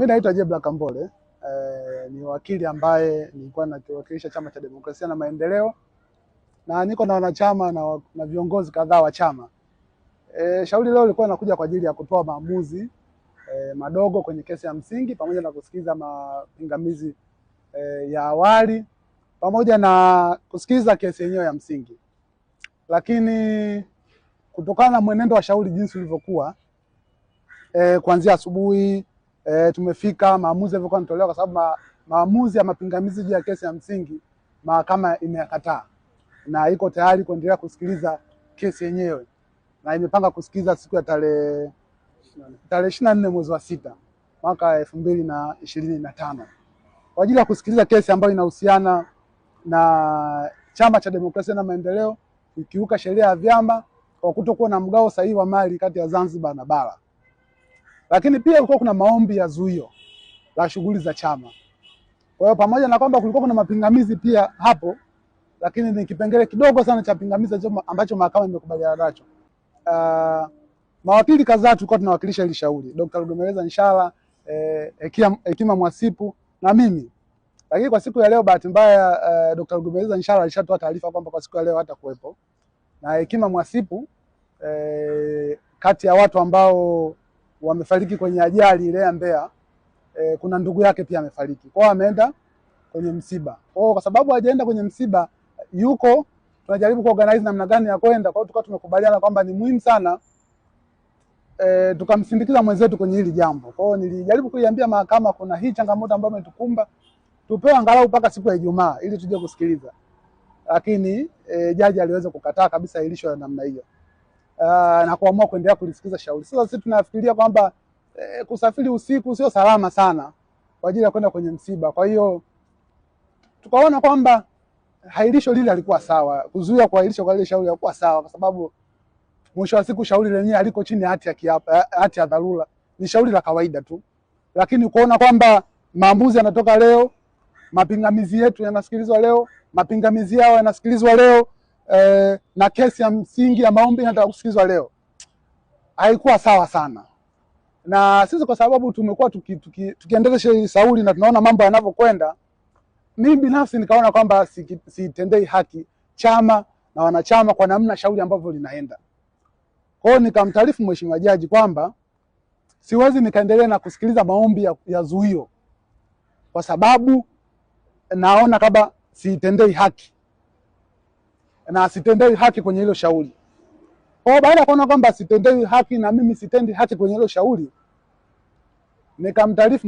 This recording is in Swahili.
Mimi naitwa Jebla Kambole eh, ni wakili ambaye nilikuwa nakiwakilisha Chama cha Demokrasia na Maendeleo na niko na wanachama na, na viongozi kadhaa wa chama eh, shauri leo lilikuwa nakuja kwa ajili ya kutoa maamuzi eh, madogo kwenye kesi ya msingi pamoja na kusikiliza mapingamizi eh, ya awali pamoja na kusikiliza kesi yenyewe ya msingi, lakini kutokana na mwenendo wa shauri jinsi ulivyokuwa eh, kuanzia asubuhi e, tumefika maamuzi yalivyokuwa yanatolewa, kwa sababu ma, maamuzi ya mapingamizi juu ya kesi ya msingi mahakama imeyakataa na iko tayari kuendelea kusikiliza kesi yenyewe na imepanga kusikiliza siku ya tarehe tarehe ishirini na nne mwezi wa sita mwaka elfu mbili na ishirini na tano kwa ajili ya kusikiliza kesi ambayo inahusiana na Chama cha Demokrasia na Maendeleo ikiuka sheria ya vyama kwa kutokuwa na mgao sahihi wa mali kati ya Zanzibar na bara. Lakini pia kulikuwa kuna maombi ya zuio la shughuli za chama. Kwa hiyo pamoja na kwamba kulikuwa kuna mapingamizi pia hapo, lakini ni kipengele kidogo sana cha pingamizi ambacho mahakama imekubaliana nacho. Uh, mawakili kadhaa tulikuwa tunawakilisha hili shauri, Dkt. Rugemeleza Nshala, eh, Hekima eh, Mwasipu na mimi. Lakini kwa siku ya leo bahati mbaya uh, eh, Dr. Rugemeleza Nshala alishatoa taarifa kwamba kwa siku ya leo hata kuwepo na Hekima Mwasipu eh, kati ya watu ambao wamefariki kwenye ajali ile ya Mbeya e, kuna ndugu yake pia amefariki kwao, ameenda kwenye msiba kwao. Kwa sababu hajaenda kwenye msiba, yuko tunajaribu kuorganize namna gani ya kwenda kwao. Tukawa tumekubaliana kwamba ni muhimu sana e, tukamsindikiza mwenzetu kwenye hili jambo. Kwao nilijaribu kuiambia mahakama kuna hii changamoto ambayo imetukumba, tupewe angalau mpaka siku ya Ijumaa ili tuje kusikiliza, lakini e, jaji aliweza kukataa kabisa ilisho ya namna hiyo uh, na kuamua kuendelea kulisikiza shauri. Sasa sisi tunafikiria kwamba eh, kusafiri usiku sio salama sana kwa ajili ya kwenda kwenye msiba. Kwa hiyo tukaona kwamba hairisho lile alikuwa sawa, kuzuia kuahirisha kwa ile shauri alikuwa sawa, kwa sababu mwisho wa siku shauri lenyewe aliko chini hati ya kiapa, eh, hati ya dharura ni shauri la kawaida tu, lakini kuona kwamba maamuzi yanatoka leo, mapingamizi yetu yanasikilizwa leo, mapingamizi yao yanasikilizwa leo eh, na kesi ya msingi ya maombi inataka kusikizwa leo, haikuwa sawa sana na sisi kwa sababu tumekuwa tukiendelesha tuki, tuki sauli na tunaona mambo yanavyokwenda, mimi binafsi nikaona kwamba sitendei si haki chama na wanachama kwa namna shauri ambavyo linaenda. Kwa hiyo nikamtaarifu mheshimiwa jaji kwamba siwezi nikaendelea na kusikiliza maombi ya, ya zuio kwa sababu naona kama siitendei haki na asitendewi haki kwenye hilo shauri. Kwa baada ya kuona kwamba asitendewi haki na mimi sitendi haki kwenye hilo shauri, nikamtaarifu